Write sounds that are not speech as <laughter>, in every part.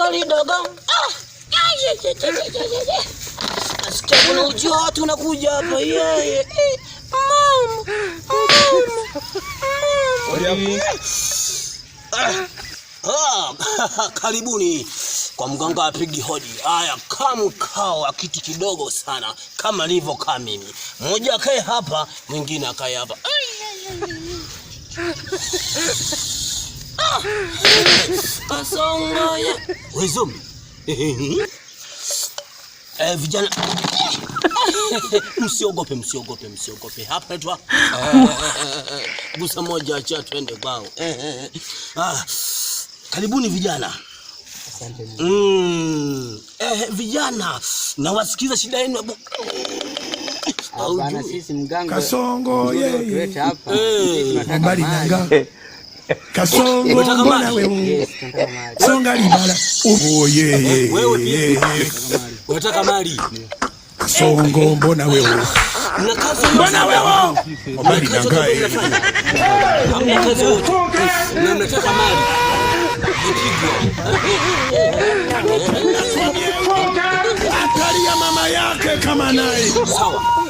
kali dogo. Nasikia ah! ah, kuna ujio watu unakuja hapa. Yeye. Mom. Mom. Ah! <laughs> karibuni kwa mganga apigi hodi. Haya, kamkao wa kitu kidogo sana kama nilivyokaa mimi. Mmoja akae hapa, mwingine akae hapa songo ya Wezum. Eh, vijana msiogope, msiogope, msiogope. Hapa twa eh, gusa moja, acha twende kwao. Eh, eh, ah, karibuni vijana. Asante. Mm. Eh, vijana nawasikiza shida yenu. Kasongo yeye. Mbali nanga. Kasongo mbona wewe songa libala oye wataka mali Kasongo mbona wewe mbona wewe mbali na gae mali Atari ya mama yake kama naye sawa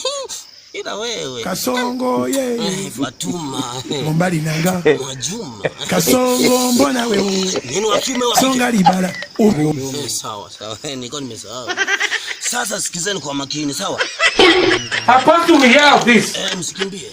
Ila wewe Kasongo yeye eh, Fatuma Mombali nanga eh, Mwajuma Kasongo mbona wewe nini wa kiume wa Songa libala ubu eh, sawa sawa niko nimesahau sasa sikizeni kwa makini sawa Hapana to me this msikimbie